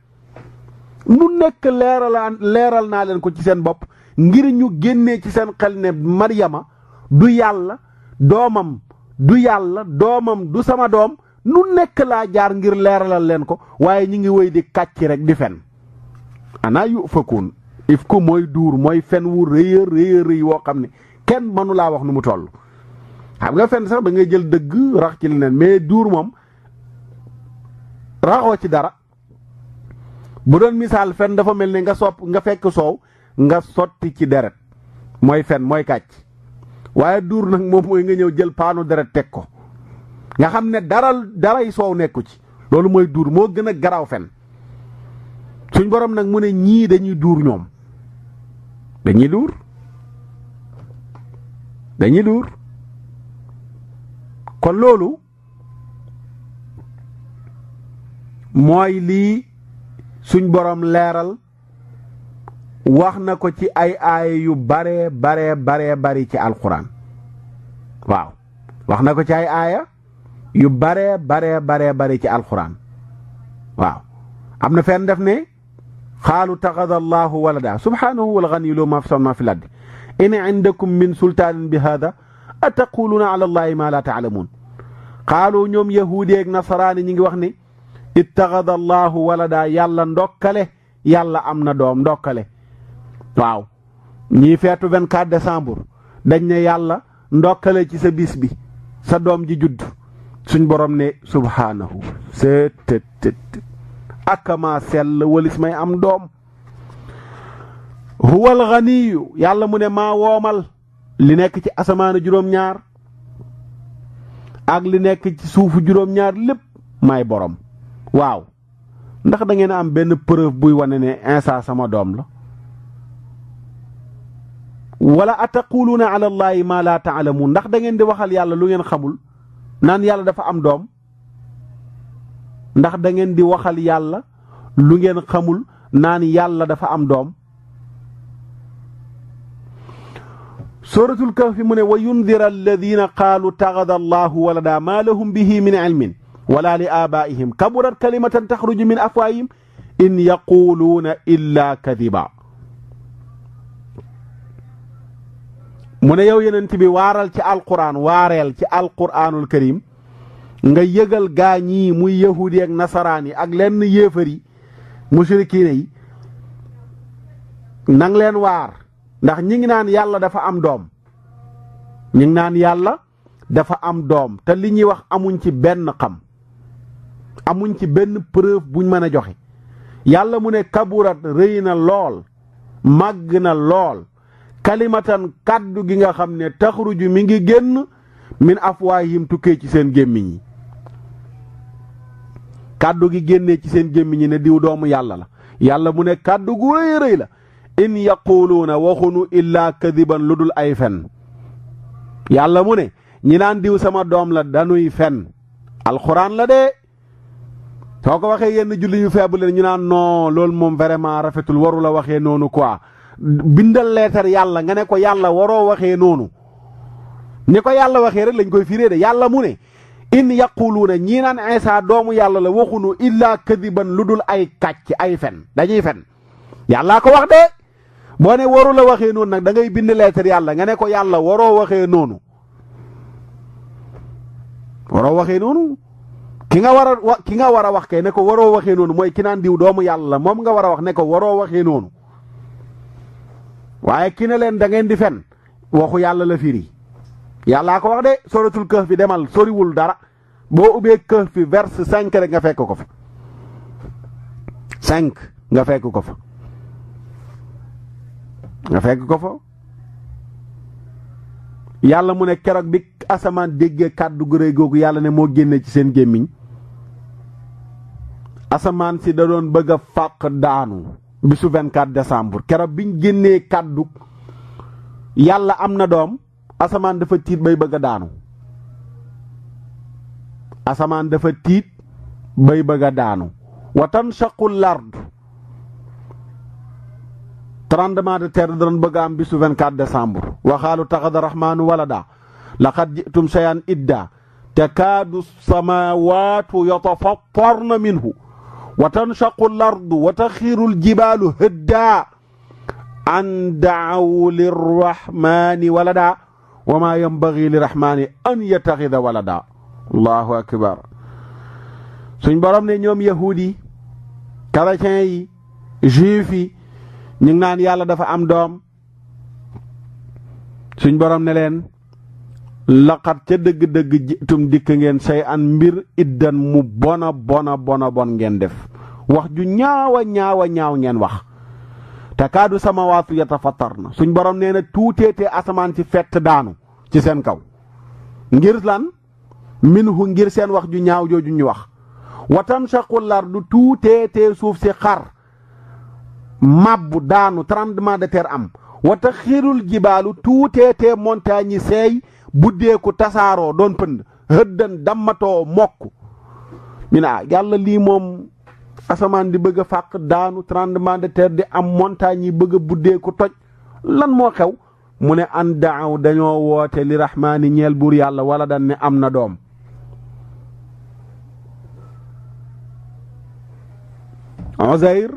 lu nekk leeral naa leen ko ci seen bopp ngir ñu génnee ci seen xel ne Maryama du yàlla doomam du yàlla doomam du sama doom nu nekk laa jaar ngir leeralal leen ko waaye ñu ngi woy di kàcc rek di fen ana yu fakuun if ko mooy duur mooy fen wu rëy a rëy woo xam ne kenn mënu laa wax nu mu toll xam nga fen sax da ngay jël dëgg rax ci leneen mais duur moom raxoo ci dara bu doon misaal fen dafa mel ni nga sopp nga fekk soow nga sotti ci deret mooy fen mooy kàcc waaye duur nag moom mooy nga ñëw jël paanu deret teg ko nga xam ne dara daray soow nekku ci loolu mooy duur moo gën a garaaw fen suñ boroom nag mu ne ñii dañuy duur ñoom dañuy luur dañuy luur kon loolu mooy lii suñ boroom leeral wax na ko ci ay aaya yu baree baree bari ci alxuraan waaw wax na ko ci ay aaya yu bare bare baree bari ci alxuraan waaw am na fenn def ne قالوا اتخذ الله ولدا سبحانه والغني له ما في السماوات ما في الأرض إن عندكم من سلطان بهذا أتقولون على الله ما لا تعلمون قالوا ñoom yahuudi ak nasaraani ñi ngi wax ni ittaxada allahu walada yàlla ndokkale yàlla am na doom ndokkale waaw ñii feetu 24 décembre dañ ne yàlla ndokkale ci sa bis bi sa doom ji judd suñ borom ne subhaanahu seet akama sel walis may am dom huwa ghani yalla mune ne ma womal li nek ci asaman juróom ñaar ak li nek ci suufu juróom ñaar lepp may borom waaw ndax da ngeen am ben preuve buy wane ne insa sama dom la wala ataquluna ala allahi ma la ta'lamun ndax da ngeen di waxal yalla lu ngeen xamul nan yalla dafa am dom ndax da ngeen di waxal yàlla lu ngeen xamul naan yàlla dafa am doom suratul kahfi mu ne wa yundira alladina qaalu taxada allahu walada maa lahum bihi min ilmin wala li abaihim kaburat kalimatan taxruju min afwaayim in yaquluuna illa kadiba mu ne yow yenent bi ci alquran waareel ci alquranul karim nga yëgal gaa ñii muy yahudi yi ak nasaraan yi ak lenn yéefar yi musrikiine yi nang leen waar ndax ñi ngi naan yàlla dafa am doom ñi naan yàlla dafa am doom te li ñuy wax amuñ ci benn xam amuñ ci benn preuve buñ mën a joxe yàlla mu ne kaburat rëy na lool màgg na lool kalimatan kàddu gi nga xam ne taxruju mi ngi génn min afwaahim tukkee ci seen gémmiñ yi kàddu gi génnee ci seen gémmiñi ne diw doomu yàlla la yàlla mu ne kàddu gu rëy rëy la in yaquluuna waxunu illaa kadiban lu dul ay fen yàlla mu ne ñi naan diw sama doom la dañuy fen alxuraan la de soo ko waxee yenn julli yu feebu leen ñu naan non loolu moom vraiment rafetul waru la waxee noonu quoi bindal leetar yàlla nga ne ko yàlla waroo waxee noonu ni ko yàlla waxee rek lañ koy firée de yàlla mu ne in yaquluuna ñii naan Isa doomu yàlla la waxunu illaa kadiban lu dul ay kàcc ay fen dañuy fen yàllaa ko wax de boo ne waru la waxee noonu nag da ngay bind leetar yàlla nga ne ko yàlla waroo waxee noonu waroo waxee noonu ki nga war a ki nga war a wax kay ne ko waroo waxee noonu mooy ki naan diw doomu yàlla la moom nga war a wax ne ko waroo waxee noonu waaye ki ne leen da ngeen di fen waxu yàlla la firi yàllaa ko wax de sóoratul këf bi demal soriwul dara boo ubbee këf fi verse cinq rek nga fekk ko fa cinq nga fekk ko fa nga fekk ko fa yàlla mu ne keroog bi asamaan déggee kàddu gu googu yàlla ne moo génne ci seen gémmiñ asamaan si da doon bëgg a fàq daanu bisu 24 décembre keroog biñ génnee kàddu yàlla am na doom asaman dafa tit bay bëgg daanu asaman dafa tit bay bëgg daanu wa shaqul lard tremblement de terre dañ doon bëgg am bisu 24 décembre wa khalu taqad rahman walada laqad jitum shayan idda takaadu samawaatu yatafattarna minhu wa tanshaqu lardu wa taxiiru ljibaalu hëddaa an daawu lirrahmaani walada wa maa yambagi li rahmaani an yattaxida walada allahu akbar suñ borom ne ñoom yahuud yi yi juif yi ñu naan yàlla dafa am doom suñ borom ne leen laqat ca dëgg-dëgg jitum dikk ngeen say an mbir iddan mu bona bona bona bon ngeen def wax ju ñaawa ñaawa ñaaw ngeen wax te kaadu samawaatu yatafattar na suñ borom nee na tuuteetee asamaan ci fett daanu ci seen kaw ngir lan minhu ngir seen wax ju ñaaw jooju ñu wax wa tanshaqu lardu tuutee tee suuf si xar mabbu daanu tremblement de terre am wa taxirul jibaalu tuutee tee montagne yi seey buddeeku tasaaroo doon pënd hëddan dammatoo mokk mi naa yàlla lii moom asamaan di bëgg a fàq daanu tremblement de terre di am montagne yi bëgg a buddeeku toj lan moo xew mu ne an daaw dañoo woote li raxmaani ñeel buur yàlla wala dan ne am na doom Uzayr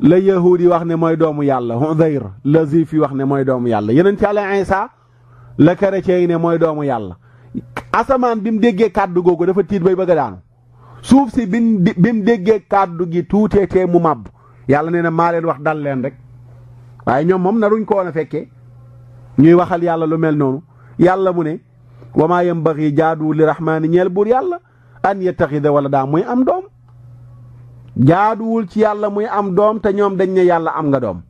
la yahuud yi wax ne mooy doomu yàlla Uzayr la juif yi wax ne mooy doomu yàlla yeneen ci àlla Isa la chrétien yi ne mooy doomu yàlla asamaan bi mu déggee kàddu googu dafa tiit bay bëgg a daanu suuf si bi mu déggee kàddu gi tuutee tee mu màbb yàlla ne na maa leen wax dal leen rek waaye ñoom moom naruñ ko woon a fekkee ñuy waxal yàlla lu mel noonu yàlla mu ne wa maa yambaxi jaadu li rahmaani ñeel buur yàlla an yattaxida wala daa muy am doom jaaduwul ci yàlla muy am doom te ñoom dañ ne yàlla am nga doom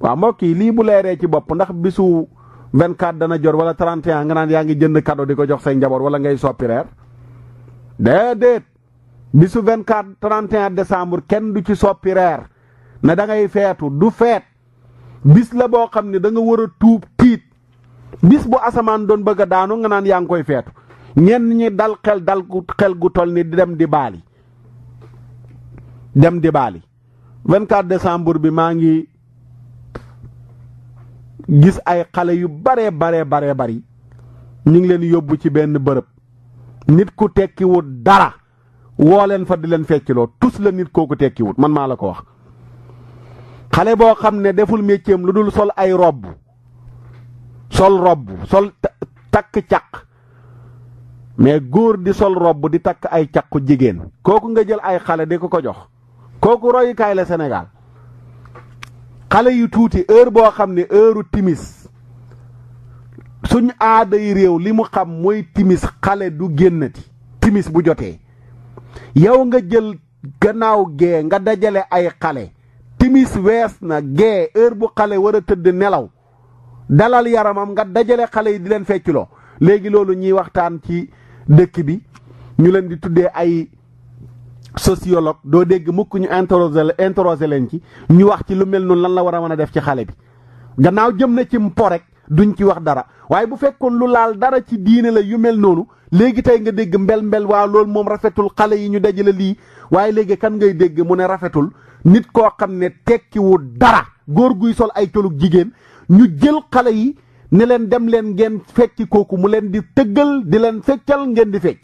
waaw mbokk yi lii bu leeree ci bopp ndax bisu 24 dana jot wala 31 nga naan yaa ngi jënd cadeau di ko jox say njaboot wala ngay soppireer reer déedéet bisu 24 31 décembre kenn du ci soppi na ne da ngay feetu du feet bis la boo xam ne danga nga war a tuub tiit bis bu asamaan doon bëgg a daanu nga naan yaa ngi koy feetu ñenn ñi dal xel dal xel gu toll ni dem di baali dem di baali 24 décembre bi maa ngi gis ay xale yu baree baree baree bari ñu ngi leen yóbbu ci benn bërëb nit ku tekkiwut dara woo leen fa di leen fecciloo tus la nit kooku tekkiwut man maa la ko wax xale boo xam ne deful métier lu dul sol ay robb sol robb sol takk caq mais góor di sol robb di takk ay caqu jigéen kooku nga jël ay xale di ko ko jox kooku royukaay la Sénégal xale yu tuuti heure boo xam ne heure timis suñ aaday réew li mu xam mooy timis xale du génnati timis bu jotee yow nga jël gannaaw gee nga dajale ay xale timis wees na gee heure bu xale war a tëdd nelaw dalal yaramam nga dajale xale yi di leen fecculoo léegi loolu ñuy waxtaan ci dëkk bi ñu leen di tuddee ay sociologue doo dégg mukk ñu interroger interroger leen ci ñu wax ci lu mel noonu lan la war a mën a def ci xale bi gannaaw jëm na ci mpo duñ ci wax dara waaye bu fekkoon lu laal dara ci diine la yu mel noonu léegi tey nga dégg mbel-mbel waa loolu moom rafetul xale yi ñu dajale lii waaye léegi kan ngay dégg mu ne rafetul nit koo xam ne tekkiwu dara góor guy sol ay colug jigéen ñu jël xale yi ne leen dem leen ngeen fecci kooku mu leen di tëggal di leen feccal ngeen di fecc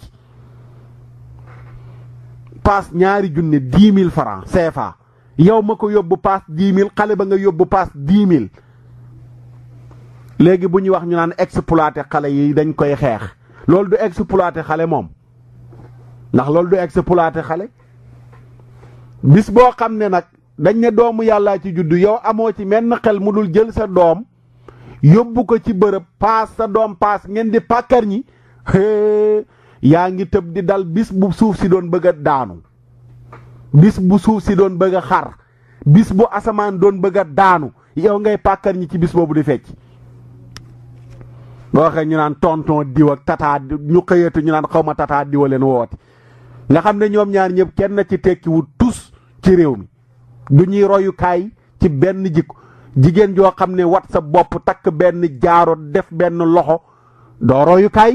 paas ñaari junne dix mille francs CFA yow ma ko yóbbu paas dix mille xale ba nga yóbbu paas dix mille léegi bu ñuy wax ñu naan exploité xale yi dañ koy xeex loolu du exploité xale moom ndax loolu du exploité xale bis boo xam ne nag dañ ne doomu yàllaa ci juddu yow amoo ci menn xel mu dul jël sa doom yóbbu ko ci bërëb paas sa doom paas ngeen di pàkkar ñi yaa ngi tëb di dal bis bu suuf si doon bëgg a daanu bis bu suuf si doon bëgg a xar bis bu asamaan doon bëgg daanu yow ngay pàkkar ñi ci bis boobu di fecc boo waxee ñu naan tonton diw ak tata ñu xëyatu ñu naan xaw ma tata diw leen woote nga xam ne ñoom ñaar ñëpp kenn ci tekkiwul tus ci réew mi du ñuy royukaay ci benn jikko jigéen joo xam ne wat sa bopp takk benn jaaro def benn loxo doo royukaay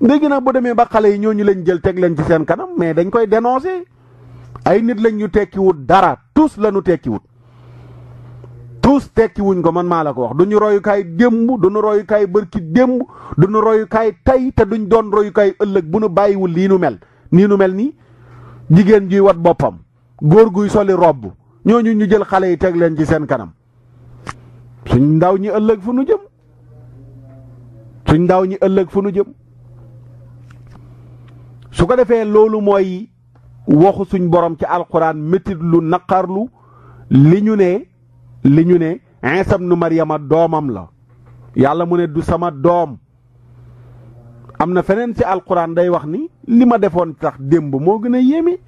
léegi nag bu demee ba xale yi ñooñu leen jël teg leen ci seen kanam mais dañ koy dénoncer ay nit lañ ñu tekkiwut dara tus la ñu tekkiwut tous tekkiwuñ ko man maa la ko wax duñu royukaay démb duñu royukaay bërki démb duñu royukaay tey te duñ doon royukaay ëllëg bu nu bàyyiwul lii nu mel nii nu mel nii jigéen juy wat boppam góor guy soli robb ñooñu ñu jël xale yi teg leen ci seen kanam suñ ndaw ñi ëllëg fu ñu jëm suñ ndaw ñi ëllëg fu nu jëm su ko defee loolu mooy waxu suñ borom ci alxuraan métit lu naqarlu li ñu ne li ñu ne insam nu maryama doomam la yàlla mu ne du sama doom am na feneen ci alquran day wax ni li ma defoon tax démb moo gën a yéeme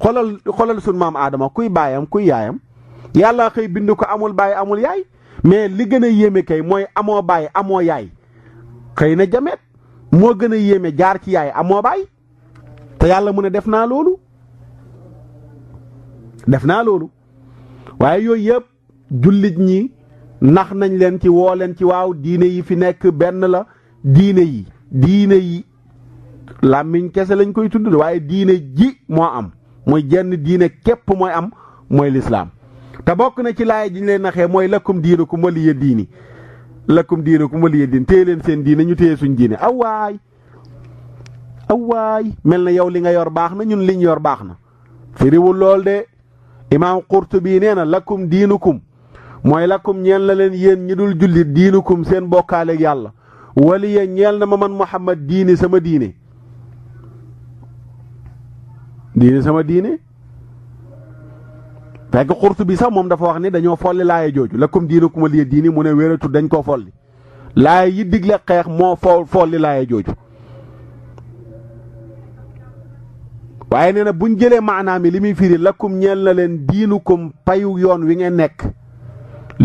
xolal xolal suñ maam aadama kuy baayam kuy yaayam yàlla xëy bind ko amul baay amul yaay mais li gën a yéeme kay mooy amoo baay amoo yaay xëy na jamet moo gën a yéeme jaar ci yaay amoo baay te yàlla mu ne def naa loolu def naa loolu waaye yooyu yëpp jullit ñi nax nañ leen ci woo leen ci waaw diine yi fi nekk benn la diine yi diine yi làmmiñ kese lañ koy tudd waaye diine ji moo am muy jenn diine képp mooy am mooy lislaam te bokk na ci laay ji ñu leen naxee mooy lakkum diinukum waliya diini lakkum diinukum waliya diini téye leen seen diine ñu téye suñ diine awaay awaay mel na yow li nga yor baax na ñun liñ yor baax na firiwul lool de imaam Qurtubi nee na lakkum diinukum mooy lakum ñeel la leen yéen ñi dul jullit diinukum seen bokale ak yàlla wali ya ñeel na ma man muhammad diini sama diini diini sama diine fekk xurtu bi sax mom dafa wax ni dañoo folli laaye jooju lakum diinukum wali diini mu ne wéeratu dañ ko folli laaye yi digle xex mo folli laaye joju waye neena buñu jëlé maana mi limi firi lakum ñel na leen diinukum payu yoon wi ngeen nekk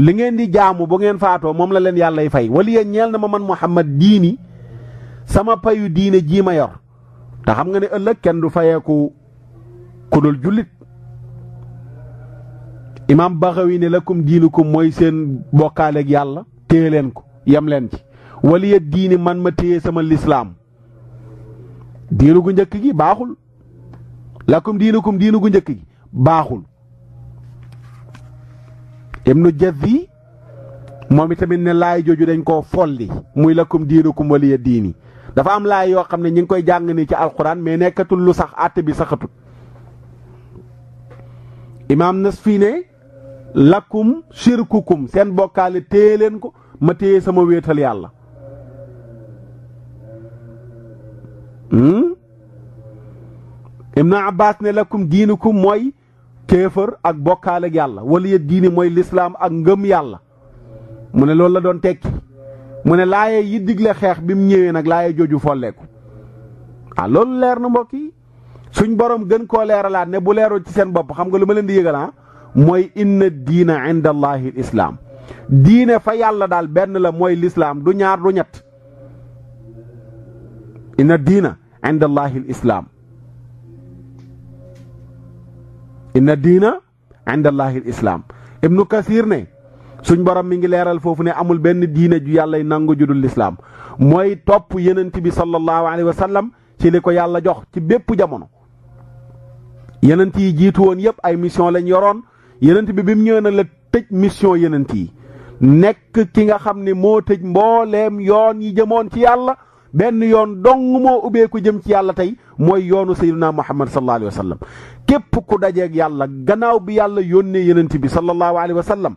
li ngeen di jaamu bu ngeen faatoo moom la leen yàlla yàllay fay wala yéen ñeel na ma man Muhammad diini sama payu diine jii ma yor te xam nga ne ëllëg kenn du fayeeku ku dul jullit imaam Baxawi ne lakum diinukum mooy seen bokkaaleeg yàlla téye leen ko yem leen ci waliya diini man ma téye sama lislaam diinu gu njëkk gi baaxul lakum diinukum diinu gu njëkk gi baaxul ibnu jazzi moom itamit ne laay jooju dañ koo folli muy lakum diinukum waliya diini dafa am laay yoo xam ne ñi ngi koy jàng ci alquran nekkatul lu sax àtte bi saxatul imaam nas fii ne lakum shirkukum seen bokkaale téye leen ko ma téye sama wéetal yàlla hmm? ibnu abbas ne lakum diinukum mooy kéefër ak bokkaale ak yàlla waliya diine mooy lislaam ak ngëm yàlla mu ne loolu la doon tekki mu ne laaye yi digle xeex bi mu ñëwee nag laaye jooju folleeku ah loolu leer na mbokk yi suñ boroom gën koo leeralaat ne bu leerul ci seen bopp xam nga lu ma leen di yëgal ah mooy inna diina inda allahi islaam diine fa yàlla daal benn la mooy lislaam du ñaar du ñett inna diina inda allahi islaam inna diina indallahi islaam ibnu kasir ne suñ borom mi ngi leeral foofu ne amul benn diine ju yàlla nangu judul lislaam mooy topp yenent bi sallallahu alayhi wa ci li ko yàlla jox ci bépp jamono yenent yi jiitu woon yëpp ay mission lañ yoroon yenent bi bi mu ñëwee na la tëj mission yenent yi nekk ki nga xam ni moo tëj mbooleem yoon yi jëmoon ci yàlla benn yoon dong moo ubbeeku jëm ci yàlla tey mooy yoonu sayyiduna muhammad sallallahu alayhi wa sallam képp ku dajeeg yàlla gannaaw bi yàlla yónnee yenent bi sallallahu alayhi wa sallam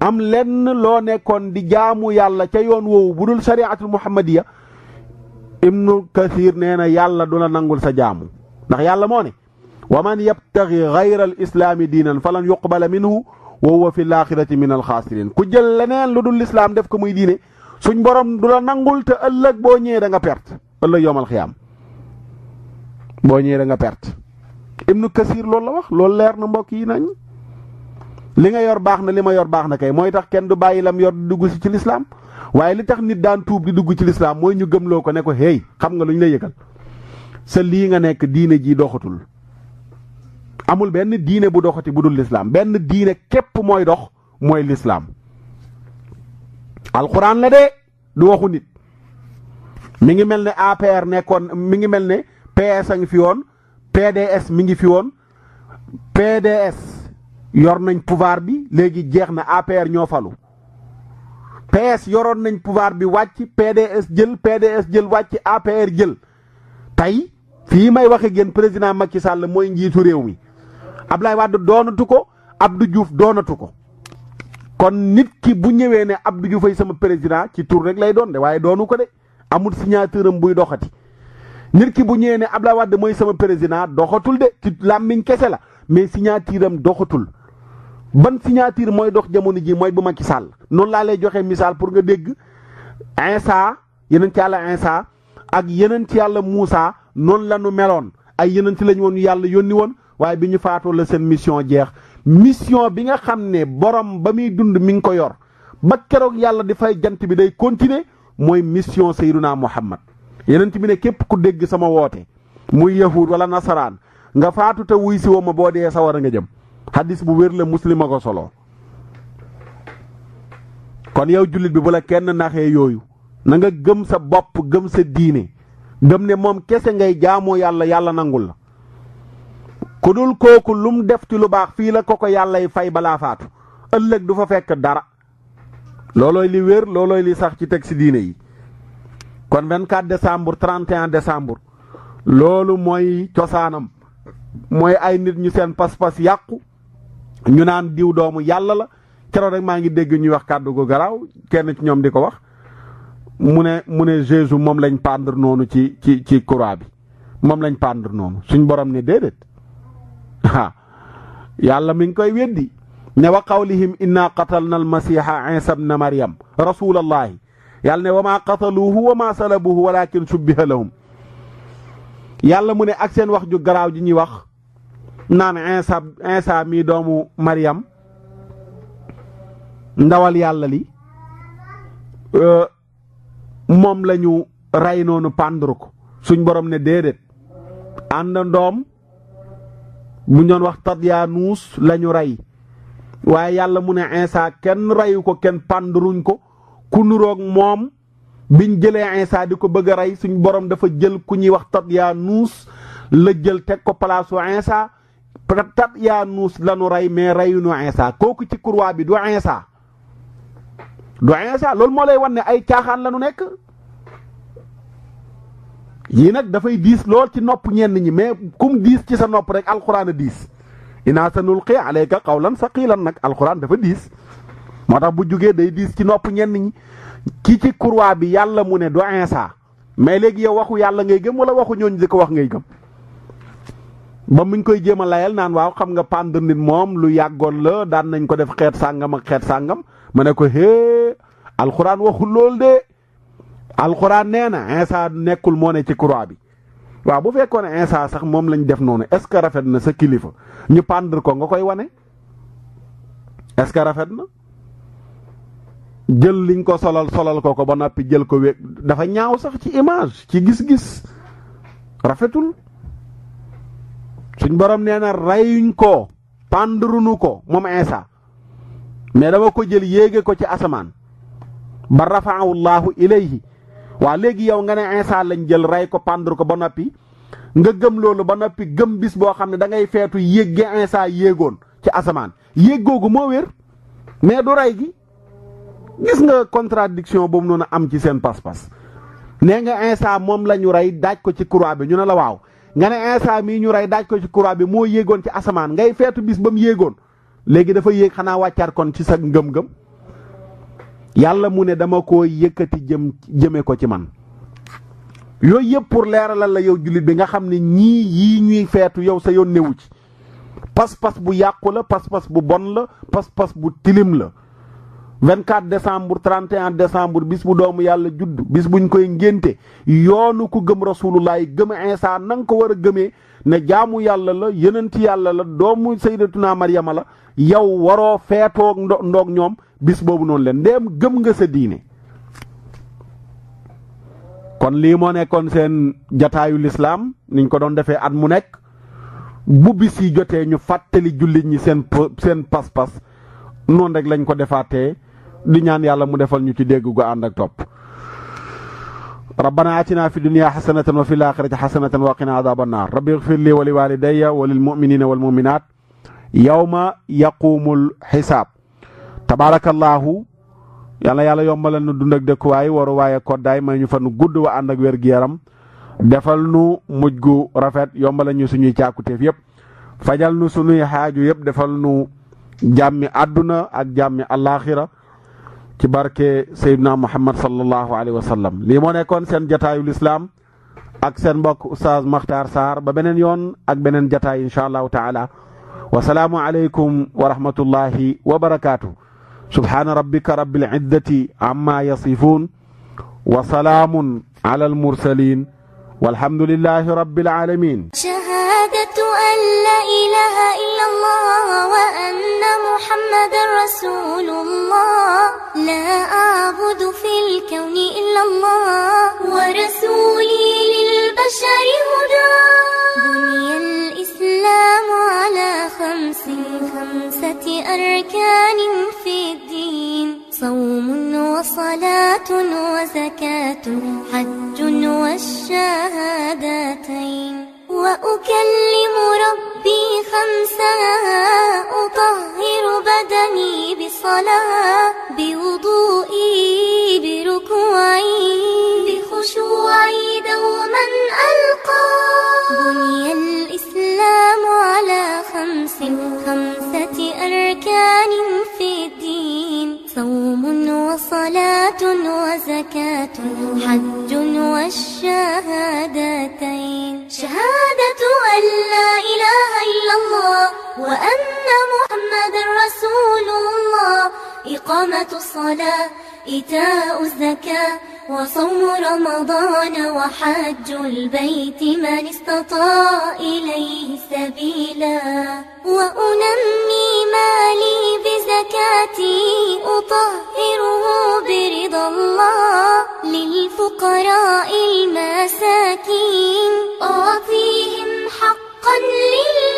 am lenn loo nekkoon di jaamu yàlla ca yoon woowu bu dul shariatul muhammadiya ibnu kathir nee na yàlla du la nangul sa jaamu ndax yàlla moo ne wa man yabtaxi gayra al islaami diinan falan yuqbala minhu wa huwa fi l axirati min alxaasirin ku jël leneen lu dul lislaam def ko muy diine suñ borom du la nangul te ëllëg boo ñëwee da nga perte ëllëg yomal xiyaam boo ñëwee da nga perte. Ibnu Kasir loolu la wax lool leer na mbokk yi nañ li nga yor baax na li ma yor baax na kay mooy tax kenn du bàyyi lam yor di dugg si ci lislaam waaye li tax nit daan tuub di dugg ci lislaam mooy ñu gëmloo ko ne ko hey xam nga lu ñu lay yëgal sa lii nga nekk diine ji doxatul. amul benn diine bu doxati bu dul lislaam benn diine képp mooy dox mooy lislaam alxuraan la de du waxu nit mi ngi mel ne APR nekkoon mi ngi mel ne PS ngi fi woon PDS mi ngi fi woon PDS yor nañ pouvoir bi léegi jeex na APR ñoo falu PS yoroon nañ pouvoir bi wàcc PDS jël PDS jël wàcc APR jël tey fi may waxe génn président Macky sàll mooy njiitu réew mi Ablaye Wade doonatu ko Abdou Diouf doonatu ko kon nit ki bu ñëwee ne Abdou Diouf ay sama président ci tur rek lay doon de waaye doonu ko de amul signature am buy doxati nit ki bu ñëwee ne Abdoulaye Wade mooy sama président doxatul de ci làmmiñ kese la mais signature am doxatul ban signature mooy dox jamono ji mooy bu Macky Sall noonu laa lay joxe misaal pour nga dégg Insa yeneen ci yàlla Insa ak yeneen ci yàlla Moussa noonu la nu meloon ay yeneen ci lañu woon yàlla yónni woon waaye bi ñu faatoo la seen mission jeex mission bi nga xam ne borom ba muy dund mi ngi ko yor ba keroog yàlla di fay jant bi day continuer mooy mission sayyiduna muhammad yenent bi ne képp ku dégg sama woote muy yahud wala nasaraan nga faatu te wuy si woo ma boo dee sawar a nga jëm hadis bu wér la muslim ko solo kon yow jullit bi bu la kenn naxee yooyu na nga gëm sa bopp gëm sa diine gëm ne moom kese ngay jaamoo yàlla yàlla nangul la ku dul kooku mu def ci lu baax fii la ko ko yàllay fay balaa faatu ëllëg du fa fekk dara loolooy li wér loolooy li sax ci teg si diine yi kon 24 décembre 31 décembre loolu mooy cosaanam mooy ay nit ñu seen pas-pas yàqu ñu naan diw doomu yàlla la keroog rek maa ngi dégg ñuy wax kàddu gu garaaw kenn ci ñoom di ko wax mu ne mu ne Jésus moom lañ pendre noonu ci ci ci croix bi moom lañ pendre noonu suñ borom ne déedéet yàlla mi ngi koy weddi ne wa qawlihim inna qatalna almasiha isa bna maryam rasulallahi yàlla ne wa maa qataluuhu wa maa salabuuhu walakin subbiha lahum yàlla mu ne ak seen wax ju garaaw ji ñuy wax naan insa insa mii doomu maryam ndawal yàlla li euh, moom lañu rey noonu pàndru ko suñ borom ne déedéet àndandoom mu ñoon wax Tadyanuus la lañu rey waaye yàlla mu ne Insa kenn reyu ko kenn pànduruñ ko ku nurook moom biñ jëlee Insa di ko bëgg rey suñ borom dafa jël ku ñuy wax nuus la jël teg ko palaasu Insa Tadyanuus la ñu rey mais reyuñu Insa kooku ci kurwaa bi du Insa du Insa loolu moo lay wan ne ay caaxaan la nekk. yii nag dafay diis lool ci nopp ñenn ñi mais kum diis ci sa nopp rek alxuraan a diis inaa sa nulqi alayka qawlan saqilan nag alxuraan dafa diis moo tax bu jógee day diis ci nopp ñenn ñi ki ci kurwaa bi yàlla mu ne do insa mais léegi yow waxu yàlla ngay gëm wala waxu ñooñu di ko wax ngay gëm ba muñ koy jéem a layal naan waaw xam nga pandemie moom lu yàggoon la daan nañ ko def xeet sàngam xeet sàngam ma ne ko hee alxuraan waxul lool de alxuraan nee na Isa nekkul moo ne ci croix bi waaw bu fekkoon ne Isa sax moom lañ def noonu est-ce que rafet na sa kilifa ñu pendre ko nga koy wane est que rafet na jël liñ ko solal solal ko ko ba noppi jël ko wéeg dafa ñaaw sax ci image ci gis-gis rafetul suñ borom nee na reyuñ ko pendrunu ko moom Isa mais dama ko jël yéege ko ci asamaan ba rafaahu llahu ilayhi waa léegi yow nga ne Insa lañ jël rey ko pendre ko ba noppi nga gëm loolu ba noppi gëm bis boo xam ne da ngay feetu yéegge Insa yéegoon ci asamaan yéeg googu moo wér mais du rey gi gis nga contradiction boobu noonu am ci seen pas-pas nee nga Insa moom la ñu rey daaj ko ci croix bi ñu ne la waaw nga ne Insa mii ñu rey daaj ko ci croix bi moo yéegoon ci asamaan ngay feetu bis ba mu yéegoon léegi dafa yéeg xanaa wàccaar kon ci sa ngëm-ngëm yàlla mu ne dama koo yëkkati jëm jëme ko ci man yooyu yëpp pour leeralal la yow julit bi nga xam ne ñii yii ñuy feetu yow sa yoon newu ci pas-pas bu yàqu la pas-pas bu bon la pas-pas bu tilim la 24 décembre 31 décembre bis bu doomu yàlla judd bis buñ koy ngénte yoonu ko gëm rasulullahi gëm insa na nga ko war a gëmee ne jaamu yàlla la yonent yàlla la doomu sayyidatuna maryama la yow waroo feetoog ndo ndoog ñoom bis boobu noonu leen ndéem gëm nga sa diine kon lii moo nekkoon seen jataayu lislaam niñ ko doon defee at mu nekk bu bis yi jotee ñu fàttali jullit ñi seen po seen pas-pas noonu rek lañ ko defaatee di ñaan yàlla mu defal ñu ci dégg gu ànd ak topp ربنا آتنا في الدنيا حسنة وفي الآخرة حسنة وقنا عذاب النار رب اغفر لي ولوالدي وللمؤمنين والمؤمنات yawma yaqumul xisaab tabaarakallaahu yàlla yàlla yombalal nu dund ak dëkkuwaay waru waaye koddaay may ñu fa nu gudd wa ànd ak wér yaram defal nu mujj gu rafet yombalal ñu suñuy càkkutéef yëpp fajal nu suñuy xaaju yëpp defal nu jàmmi àdduna ak jàmmi alaaxira ci barke Seydina Muhammad sallallahu alayhi wa sallam lii moo nekkoon seen jataayu lislaam ak seen mbokk Oustaz Makhtar Sarr ba beneen yoon ak beneen jataay incha allahu taala والسلام عليكم ورحمة الله وبركاته سبحان ربك رب العدة عما يصفون وسلام على المرسلين والحمد لله رب العالمين شهادة أن لا إله إلا الله وأن محمد رسول الله لا أعبد في الكون إلا الله ورسولي للبشر هدى بني خمسة أركان في الدين صوم وصلاة وزكاة حج والشهادتين وأكلم ربي خمسا أطهر بدني بصلاة بوضوئي بركوعي بخشوعي دوما ألقى بني الإسلام على خمس خمسة أركان في الدين صوم وصلاة وزكاة حج والشهادتين شهادة أن لا إله إلا الله وأن محمد رسول الله إقامة الصلاة إيتاء الزكاة وصوم رمضان وحج البيت من استطاع إليه سبيلا وأنمي مالي بزكاتي أطهره برضا الله للفقراء المساكين أعطيهم حق حقا لله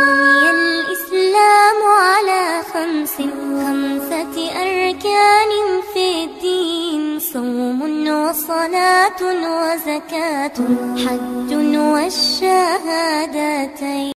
بني الإسلام على خمس خمسة أركان في الدين صوم وصلاة وزكاة حج والشهادتين